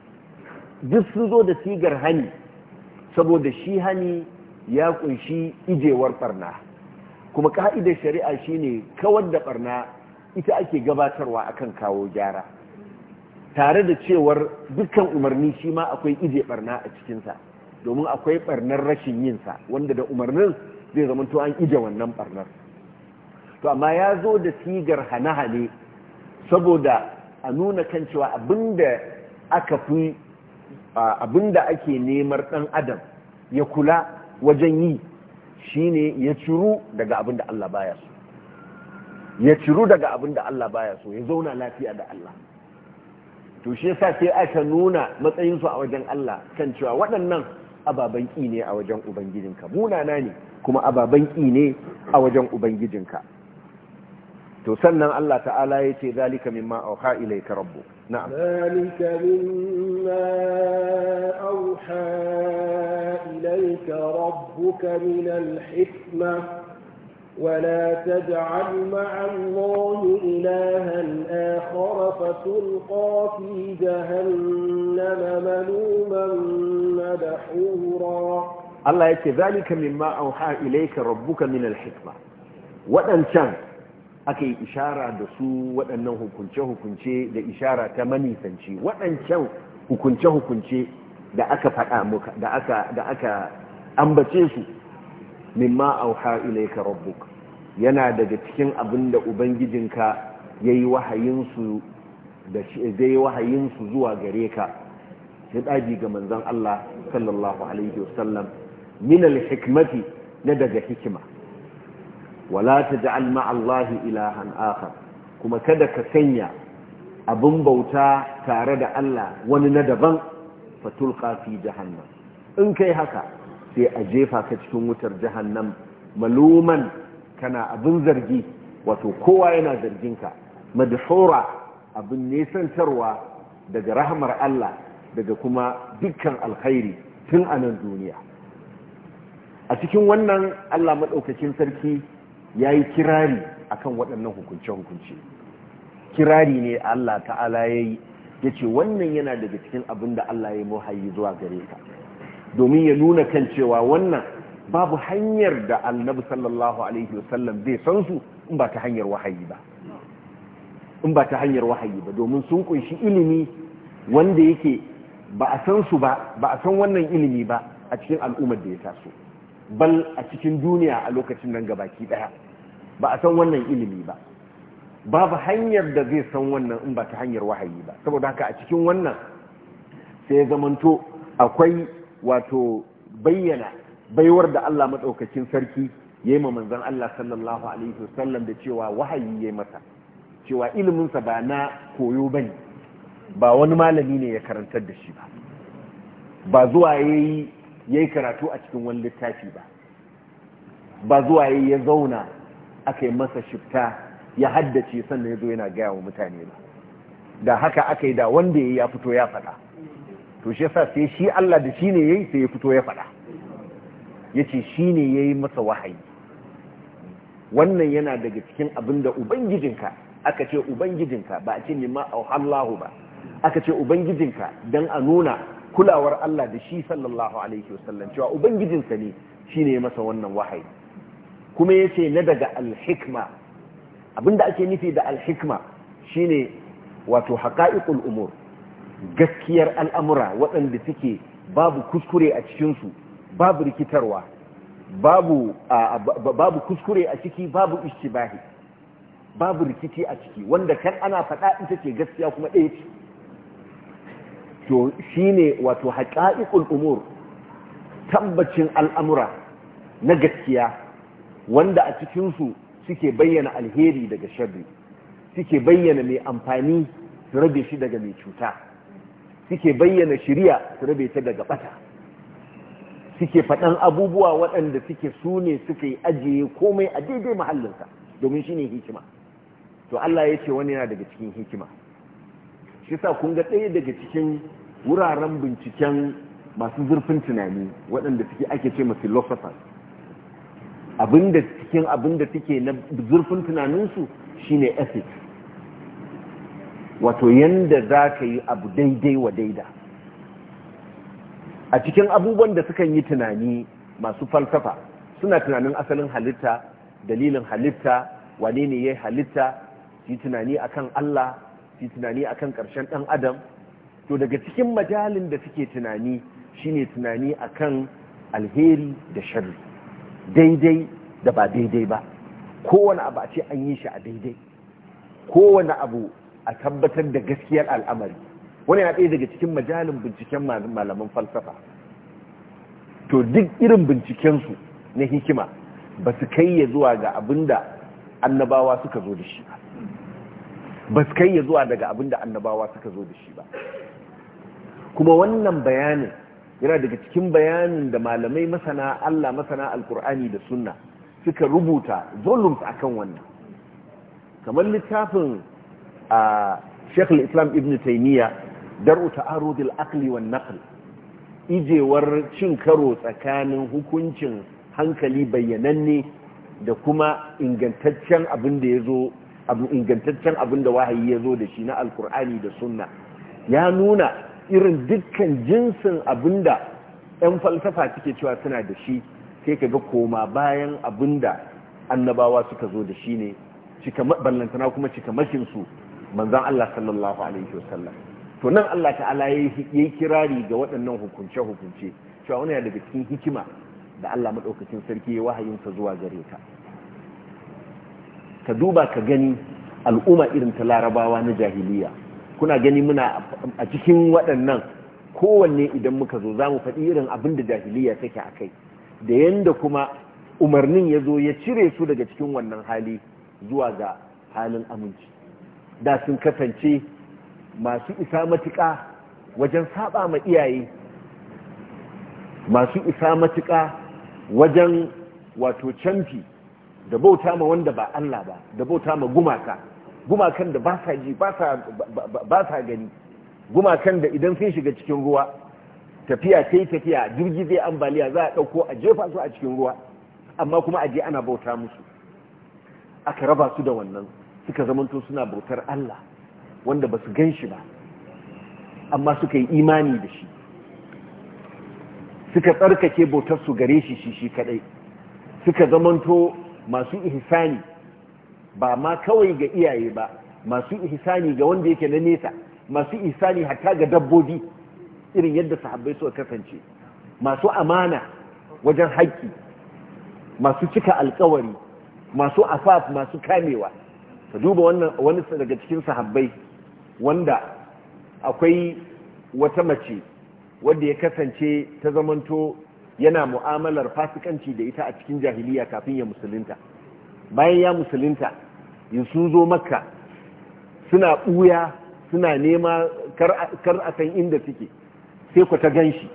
duk sun zo da sigar hani saboda shi hani ya kunshi ijewar barna kuma ka'idar shari'a shine kawar da barna ita ake gabatarwa akan kawo gyara tare da cewar dukkan umarni shi ma akwai ije barna a cikinsa domin akwai barnar rashin yinsa wanda da umarnin zai zama zamanto an ije wannan barnar to amma ya zo da sigar hane-hane saboda a nuna kan cewa abinda aka fi Abin da ake nemar ɗan adam ya kula wajen yi shine ya ciru daga abinda Allah baya so ya ciru daga abinda Allah baya so ya zauna lafiya da Allah to shi yasa sai aka nuna matsayin su a wajen Allah kan cewa waɗannan ababan ƙi ne a wajen ubangijinka munana ne kuma ababan ƙi ne a wajen ubangijinka تسنى الله تعالى يتي ذلك مما أوحى إليك ربك نعم ذلك مما أوحى إليك ربك من الحكمة ولا تجعل مع الله إلها آخر فتلقى في جهنم ملوما مدحورا الله يتي ذلك مما أوحى إليك ربك من الحكمة وأن شمت aka yi ishara da su waɗannan hukunce-hukunce da ishara ta manisanci waɗancan hukunce-hukunce da aka faɗa muka da aka da aka ambace su mimma auha ilayka rabbuk yana daga cikin abin da ubangijinka yayi wahayin su da zai wahayin su zuwa gare ka sai daji ga manzon Allah sallallahu alaihi wasallam min al-hikmati na daga hikima wala ta alma Allahu ilahan akhar kuma kada ka sanya abin bauta tare da Allah wani na daban fatulqa fi jahannam in kai haka sai a jefa ka cikin wutar jahannam maluman kana abin zargi wato kowa yana zarginka madhura abin nesantarwa daga rahamar Allah daga kuma dukkan alkhairi tun a nan duniya a cikin wannan Allah maɗaukakin sarki ya yi kirari a kan waɗannan hukunce-hukunce kirari ne Allah ta'ala ya yi ya ce wannan yana daga cikin abin da Allah ya muhayi zuwa gare ka domin ya nuna kan cewa wannan babu hanyar da annabi sallallahu alaihi wasallam zai san su in ba ta hanyar wahayi ba in ba ta hanyar wahayi ba domin sun kunshi ilimi wanda yake ba a san su ba ba a san wannan ilimi ba a cikin al'ummar da ya taso bal a cikin duniya a lokacin nan gabaki daya ba a san wannan ilimi ba babu hanyar da zai san wannan in ba ta hanyar wahayi ba saboda haka a cikin wannan sai zamanto akwai wato bayyana baiwar da Allah madaukakin sarki yayi ma manzon Allah sallallahu alaihi wasallam da cewa wahayi yayi masa cewa iliminsa sa ba na koyo bane ba wani malami ne ya karantar da shi ba ba zuwa yayi yayi karatu a cikin wani littafi ba ba zuwa yayi ya zauna aka masa shifta ya haddace sannan ya zo yana gaya wa mutane ba da haka aka yi da wanda ya fito ya faɗa to shi yasa sai shi Allah da shi ne ya yi sai ya fito ya faɗa yace ce shi ne ya yi masa wahayi wannan yana daga cikin abin da ubangijinka aka ce ubangijinka ba a ce nima auhallahu ba aka ce ubangijinka don a nuna kulawar Allah da shi sallallahu alaihi wasallam cewa ubangijinsa ne shi ne ya masa wannan wahayi kuma ya ce na daga alhikma abinda ake nufi da alhikma shine wato haƙa'iƙul umur gaskiyar al'amura waɗanda suke babu kuskure a cikinsu babu rikitarwa babu kuskure a ciki babu ishtibahi babu rikici a ciki wanda kan ana faɗa ita ce gaskiya kuma ɗaya ce to shine wato haƙa'iƙul umur tabbacin al'amura na gaskiya wanda a cikinsu suke bayyana alheri daga sharri suke bayyana mai amfani su rabe shi daga mai cuta suke bayyana shirya su rabe ta daga bata suke faɗan abubuwa waɗanda suke su ne suka yi ajiye komai a daidai mahallinsa domin shi ne hikima to Allah ya ce wani yana daga cikin hikima shi sa kun ga ɗaya daga cikin wuraren binciken masu zurfin tunani waɗanda suke ake ce ma philosophers abinda cikin abinda take na zurfin tunaninsu shine ethics wato yanda za ka yi abu daidai wa daida a cikin abubuwan da sukan yi tunani masu falsafa suna tunanin asalin halitta dalilin halitta wane ne ya yi halitta yi tunani akan Allah yi tunani akan ƙarshen ɗan adam to daga cikin majalin da suke tunani shine tunani akan alheri da sharri daidai da ba daidai ba kowane abu a ce an yi shi a daidai kowane abu a tabbatar da gaskiyar al'amari wani ya ɗaya daga cikin majalin binciken malaman falsafa to duk irin bincikensu na hikima ba su kai ya zuwa ga abin da annabawa suka zo da shi ba ba su kai ya zuwa daga abin da annabawa suka zo da shi ba kuma wannan bayanin yana daga cikin bayanin da malamai masana Allah masana alkur'ani da sunna suka rubuta zolums akan wannan kamar littafin a Sheikh islam Ibn Taymiyyah dar'u ta'arudil aqli wan naql ijewar cin karo tsakanin hukuncin hankali bayyananne da kuma ingantaccen abin da yazo zo ingantaccen abin da wahayi yazo da shi na alkur'ani da sunna ya nuna irin dukkan jinsin abinda 'yan falsafa suke cewa suna da shi sai ka ga koma bayan abinda annabawa suka zo da shi ne ballantana kuma cika mashinsu manzan Allah sallallahu Alaihi wasallam to nan Allah ta'ala ya yi kirari ga waɗannan hukunce-hukunce cewa wani daga cikin hikima da Allah maɗaukacin sarki ya wahayinsa zuwa gare ka ka duba ka gani al'umma irin ta larabawa na jahiliya kuna gani muna a cikin waɗannan kowanne idan muka zo za mu faɗi irin abin da jahiliya take a kai da yadda kuma umarnin ya zo ya cire su daga cikin wannan hali zuwa ga halin aminci da sun kasance masu isa matuka wajen saba ma iyaye masu isa matuƙa wajen wato canfi da bauta ma wanda ba Allah ba da bauta ma gumaka gumakan da basa sa ji ba gani gumakan da idan sun shiga cikin ruwa tafiya sai tafiya jirgi zai ambaliya za a ɗauko a jefa su a cikin ruwa amma kuma a je ana bauta musu aka raba su da wannan suka zamanto suna bautar Allah wanda ba su gan shi ba amma suka yi imani da shi suka tsarkake bautar su gare shi shi shi kadai suka zamanto masu ihsani ba ma kawai ga iyaye ba masu ihsani ga wanda yake na nesa masu ihsani hatta ga dabbobi irin yadda sahabbai suka kasance masu amana wajen haƙƙi masu cika alƙawari masu afaf masu kamewa ka duba wannan wani daga cikin sahabbai wanda akwai wata mace wanda ya kasance ta zamanto yana mu'amalar fasikanci da ita a cikin jahiliya kafin ya musulunta bayan ya musulunta yin sun zo makka suna buya suna nema kar a san inda suke sai ku ta gan shi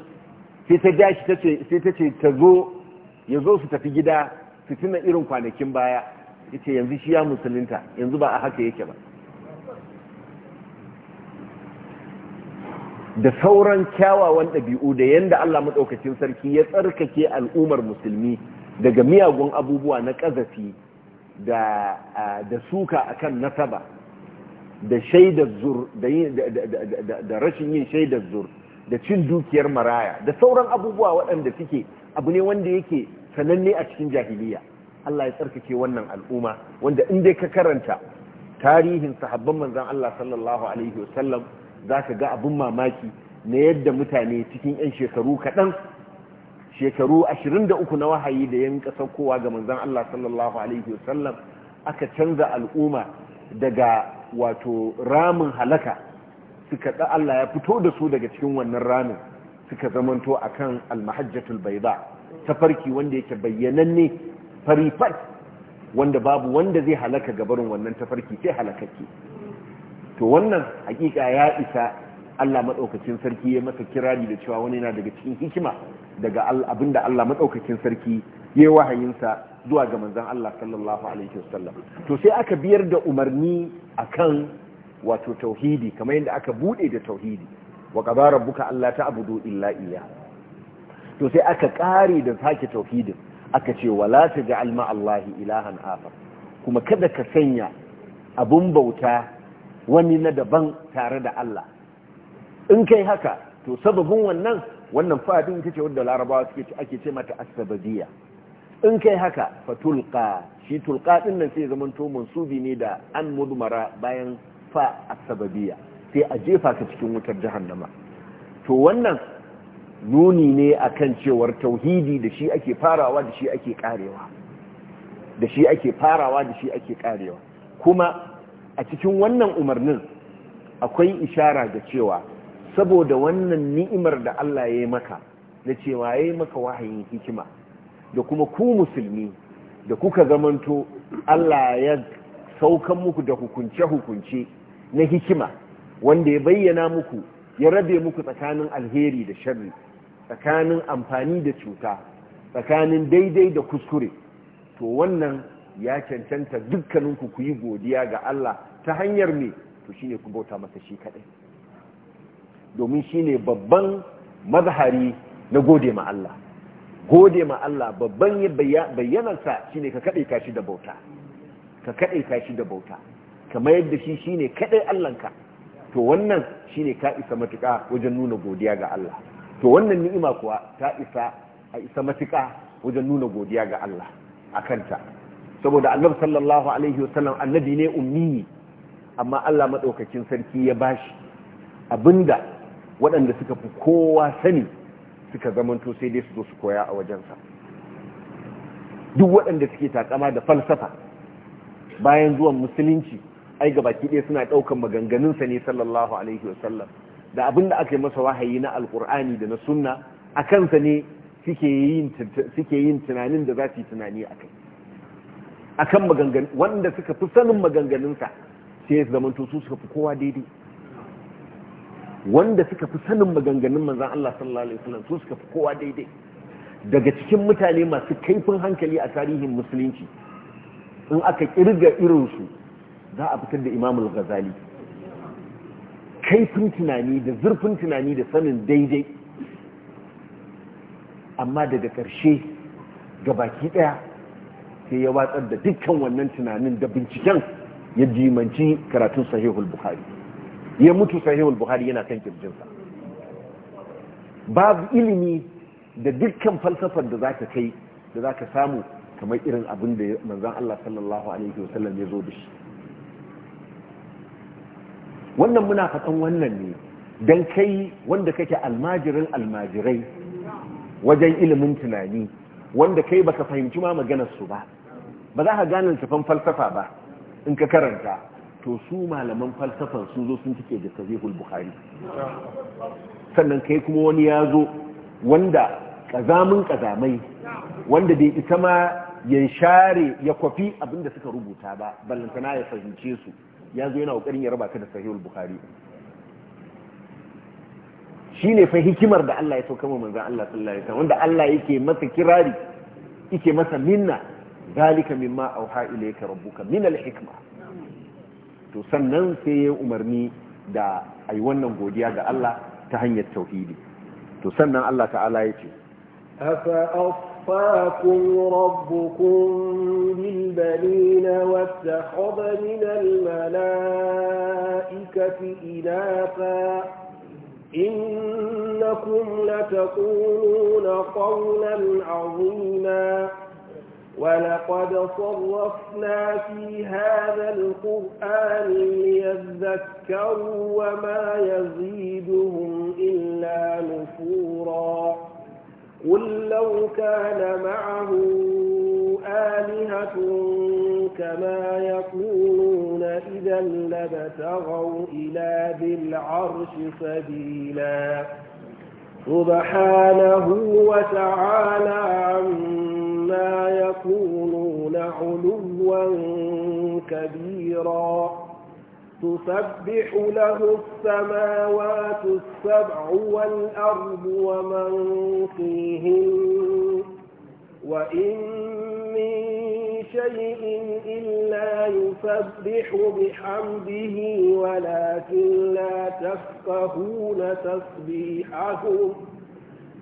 sai ta sai ta ce ta zo ya zo su tafi gida su tuna irin kwanakin baya ya ce yanzu shi ya musulinta yanzu ba a haka yake ba da sauran kyawawan ɗabi'u da yadda Allah maɗaukacin sarki ya tsarkake al'ummar musulmi daga miyagun abubuwa na ƙazafi da suka akan nasaba da shaidar zur da rashin yin shaidar zur da cin dukiyar maraya da sauran abubuwa waɗanda suke abu ne wanda yake sananne a cikin jahiliya Allah ya tsarkake wannan al'umma wanda in dai ka karanta tarihin sahabban manzon Allah sallallahu alaihi wasallam zaka ga abun mamaki na yadda mutane cikin 'yan shekaru kaɗan shekaru 23 na wahayi da yin kowa ga Manzan Allah sallallahu alaihi wasallam aka canza al'umma daga wato ramin halaka suka da Allah ya fito da su daga cikin wannan ramin suka zamanto a kan almahajjatul bayda farki wanda yake bayyananne farifat wanda babu wanda zai halaka gabarin wannan ta farki sai halakakke to wannan hakika ya isa Allah maɗaukacin sarki ya masa kirari da cewa wani yana daga cikin hikima daga abinda Allah maɗaukakin sarki yayi wahayinsa zuwa ga manzon Allah sallallahu alaihi wasallam to sai aka biyar da umarni akan wato tauhidi kamar yadda aka bude da tauhidi wa qadara rabbuka alla ta'budu illa iyyah to sai aka kare da sake tauhidin aka ce wala taj'al ma'allahi ilahan akhar kuma kada ka sanya abun bauta wani na daban tare da Allah in kai haka to sababin wannan wannan fa ita ce wanda larabawa suke ce ake ce mata asbabiyya in kai haka fa tulqa shi tulqa din nan sai zaman to mansubi ne da an mudmara bayan fa asbabiyya sai a jefa ka cikin wutar jahannama to wannan nuni ne akan cewar tauhidi da shi ake farawa da shi ake karewa da shi ake farawa da shi ake karewa kuma a cikin wannan umarnin akwai ishara ga cewa saboda wannan ni'imar da Allah ya yi maka na cewa ya yi maka wahayin hikima da kuma ku musulmi da kuka zamanto Allah ya saukan muku da hukunce-hukunce na hikima wanda ya bayyana muku ya rabe muku tsakanin alheri da sharri tsakanin amfani da cuta tsakanin daidai da kuskure to wannan ya cancanta dukkaninku ku yi godiya ga Allah ta hanyar ne to shine ku bauta masa shi kaɗai. domin shine babban mazhari na gode ma Allah gode ma Allah babban bayyanarsa shine ka kaɗe ka shi da bauta ka kaɗe ka shi da bauta kamar yadda shi shine kaɗe Allahnka to wannan shine ka isa matuƙa wajen nuna godiya ga Allah to wannan ni'ima kuwa ta isa a isa matuƙa wajen nuna godiya ga Allah a kanta saboda annabi sallallahu alaihi wasallam annabi ne ummi amma Allah madaukakin sarki ya bashi abinda waɗanda suka fi kowa sani suka zamanto sai dai su zo su koya a wajensa duk waɗanda suke takama da falsafa bayan zuwan musulunci ai ga baki ɗaya suna ɗaukan maganganunsa ne sallallahu alaihi wasallam da abin da aka masa wahayi na alkur'ani da na sunna a kansa ne suke yin tunanin da za su tunani a kai wanda suka fi sanin maganganunsa sai su zamanto su suka fi kowa daidai wanda suka fi sanin maganganun manzan Allah sallallahu alaihi wasallam su suka fi kowa daidai daga cikin mutane masu kaifin hankali a tarihin musulunci in aka kirga irinsu za a fitar da imamul ghazali kaifin tunani da zurfin tunani da sanin daidai amma daga ƙarshe ga baki ɗaya sai ya watsar da dukkan wannan tunanin da binciken ya jimanci karatun sahihul bukhari ya mutu sahihul buhari yana kan kirjinsa babu ilimi da dukkan falsafar da zaka kai da ka samu kamar irin abin da manzon Allah sallallahu alaihi wasallam ya zo da shi wannan muna faɗan wannan ne dan kai wanda kake almajirin almajirai wajen ilimin tunani wanda kai baka fahimci ma maganar su ba ba za ka gane littafin falsafa ba in ka karanta to su malaman falsafan sun zo sun cike da sahihul bukhari sannan kai kuma wani ya zo wanda kazamin kazamai wanda bai ita ma ya share ya kwafi abinda suka rubuta ba ballantana ya fahimce su ya zo yana kokarin ya raba ka da sahihul bukhari shine fa hikimar da Allah ya sauka wa manzon Allah sallallahu alaihi wasallam wanda Allah yake masa kirari yake masa minna zalika mimma auha ilayka rabbuka min al-hikma to sannan sai ya umarni da a yi wannan godiya ga Allah ta hanyar tauhidi to sannan Allah ta'ala ya ce أفأصفاكم ربكم بالبنين واتخذ من in na إنكم لتقولون قولا عظيما ولقد صرفنا في هذا القرآن ليذكروا وما يزيدهم إلا نفورا قل لو كان معه آلهة كما يقولون إذا لابتغوا إلى ذي العرش سبيلا سبحانه وتعالى عما لا يكونون علوا كبيرا تسبح له السماوات السبع والأرض ومن فيهن وإن من شيء إلا يسبح بحمده ولكن لا تفقهون تسبيحهم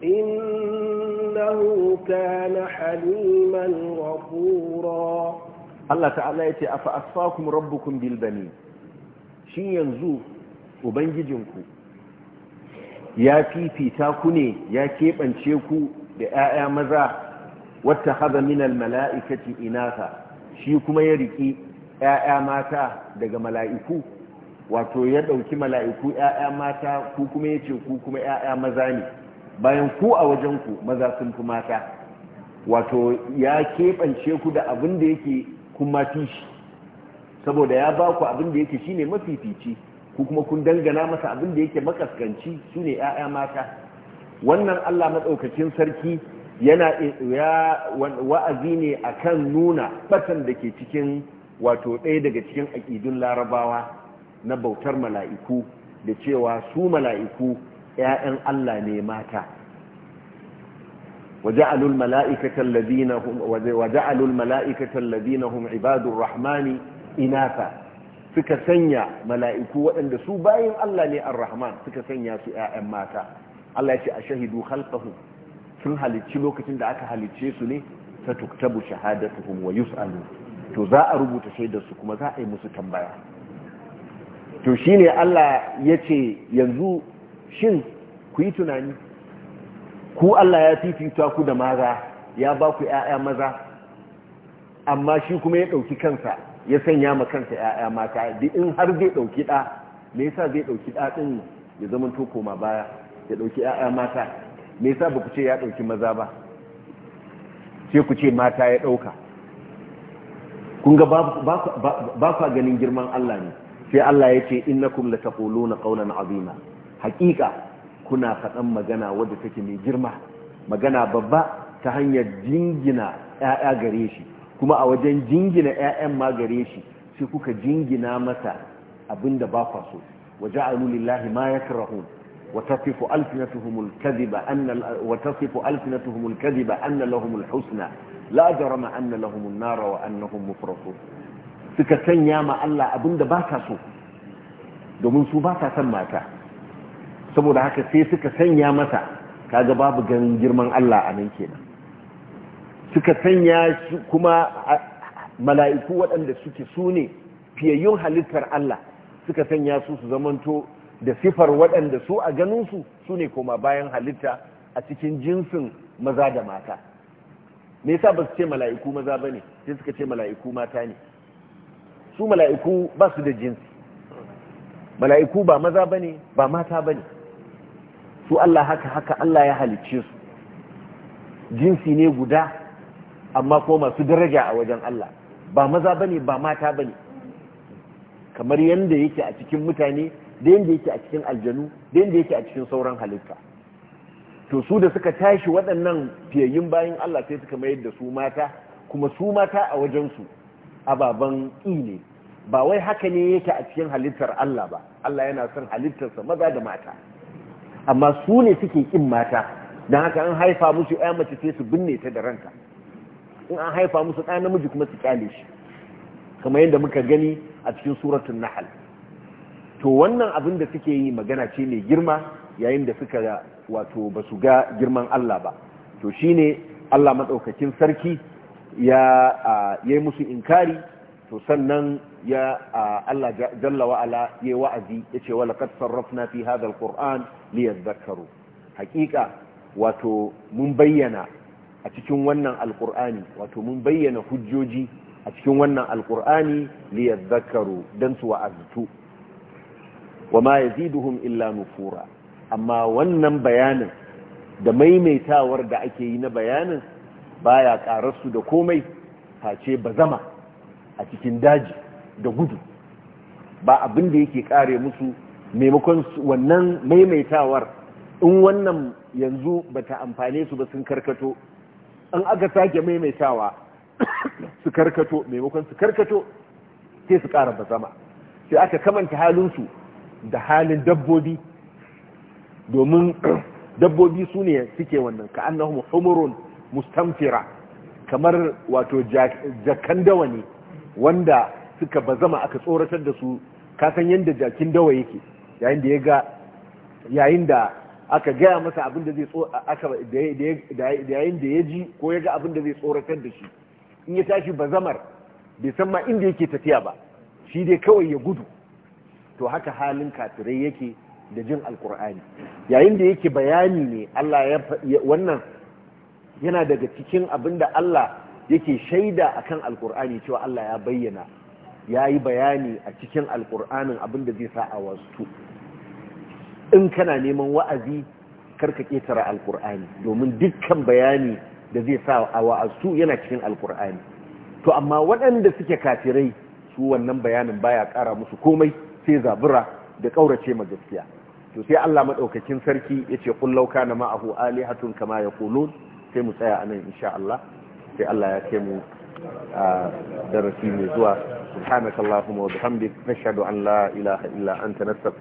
إنه كان حليما غفورا الله تعالى يتي أفأصفاكم ربكم بالبنين شين ينزو جنكو يا في تاكني يا كيب أنشيكو بآية مزا واتخذ من الملائكة إناثا شيكو ما يريكي آية ماتا daga ملائكو wato ya ɗauki mala'iku ‘ya'ya mata ku kuma ya ce ku kuma ‘ya'ya maza ne’ bayan ku a wajen ku maza sun fi mata wato ya keɓance ku da abin da yake kuma shi saboda ya ba ku abin da yake shine mafifici ku kuma kun dangana masa abin da yake makaskanci su ne 'ya'ya mata wannan allah matsaukacin sarki yana wa'azi ne akan nuna batan da ke cikin wato ɗaya daga cikin aƙidun larabawa na bautar mala'iku da cewa su mala'iku ‘ya'yan Allah ne mata waja'alul mala'ikatan labina hum ibadun rahmani inafa suka sanya mala'iku waɗanda su bayan Allah ne ar-rahman suka sanya su ‘ya'yan mata Allah ya ce a shahidu halkahu sun halicci lokacin da aka halicce su ne ta tuktabu shahadatuhum wa yus'alu to za a rubuta shaidarsu kuma za a yi musu tambaya to shine Allah ya ce yanzu shin ku yi tunani ku Allah ya fifita ku da maza ya ba ku ‘ya'ya maza amma shi kuma ya ɗauki kansa ya sanya ma kansa ‘ya'ya mata in har zai ɗauki ɗa me yasa zai ɗauki ɗa ɗin ya zama to koma baya ya ɗauki ‘ya'ya mata me yasa ba ku ce ya ɗauki maza ba sai ku ce mata ya ɗauka kun ga ba ku ganin girman Allah ne sai Allah ya ce innakum latakuluna qawlan azima haƙiƙa kuna faɗan magana wadda take mai girma magana babba ta hanyar jingina ƴaƴa gare shi kuma a wajen jingina ƴaƴan ma gare shi sai kuka jingina masa abin da ba kwaso waje a lulillahi ma ya kirahun وتصف ألسنتهم الكذب أن وتصف la الكذب أن لهم الحسنى لا جرم أن لهم النار وأنهم مفرطون suka sanya ma Allah abin da ba ta so domin su ba ta san mata saboda haka sai suka sanya masa kaga babu ganin girman Allah a nan kenan suka sanya kuma mala'iku waɗanda suke su ne fiyayyun halittar Allah suka sanya su su zamanto da sifar waɗanda su a ganinsu su ne koma bayan halitta a cikin jinsin maza da mata me yasa ba su ce mala'iku maza ba ne sai suka ce mala'iku mata ne su mala'iku ba su da jinsi mala'iku ba maza ba ne ba mata ba ne su Allah haka haka Allah ya halicce su jinsi ne guda amma ko masu daraja a wajen Allah ba maza bane ba mata bane kamar yanda yake a cikin mutane da yanda yake a cikin aljanu da yanda yake a cikin sauran halitta to su da suka tashi waɗannan fiyayyun bayan Allah sai suka mayar da su mata kuma su mata a wajen su ababan ƙi ne ba wai haka ne yake a cikin halittar Allah ba Allah yana son halittarsa maza da mata amma su ne suke ƙin mata don haka an haifa musu ya mace sai su binne ta da ranka in an haifa musu ɗaya namiji kuma su kyale shi kamar yadda muka gani a cikin suratun nahal to wannan abin da suke yi magana ce mai girma yayin da suka wato ba su ga girman Allah ba to shine Allah maɗaukakin sarki ya yi musu inkari to sannan ya Allah jalla wa'ala ya yayi wa'azi yace wa laqad sarrafna fi hadha alquran liyadhakkaru haqiqa wato mun bayyana a cikin wannan alqur'ani wato mun bayyana hujjoji a cikin wannan alqur'ani liyadhakkaru dan su wa'aztu wama yaziduhum illa nufura amma wannan bayanin da maimaitawar da ake yi na bayanin baya karar su da komai face bazama a cikin daji da gudu ba abin da yake kare musu maimakon wannan maimaitawar in wannan yanzu bata ta amfane su ba sun karkato an aka sake maimaitawa su karkato maimakon su karkato sai su ba bazama sai aka kamanta halinsu da halin dabbobi domin dabbobi su ne suke wannan ka annahum humurun mustamfira kamar wato jakan dawa ne wanda suka bazama aka tsoratar da su kasan yadda jakin dawa yake yayin da ya ga yayin da aka gaya masa abin da zai yayin da ya ji ko ya ga abin da zai tsoratar da shi in ya tashi ba zamar bai san ma inda yake tafiya ba shi dai kawai ya gudu to haka halin kafirai yake da jin alkur'ani yayin da yake bayani ne Allah ya wannan yana daga cikin abin da Allah yake shaida a kan alkur'ani cewa Allah ya bayyana ya yi bayani a cikin alkur'anin abinda da zai sa a wasu in kana neman wa'azi karka ƙetare alkur'ani domin dukkan bayani da zai sa a wa'azu yana cikin alkur'ani to amma waɗanda suke kafirai su wannan bayanin baya ƙara musu komai sai zabura da ƙaurace ma gaskiya to sai Allah maɗaukakin sarki ya yace kullau kana ma'ahu alihatun kama ya kolo sai mu tsaya anan insha Allah sai Allah ya kai mu a darasi mai zuwa subhanakallahumma wa bihamdik nashhadu an la ilaha illa anta nastaghfiruka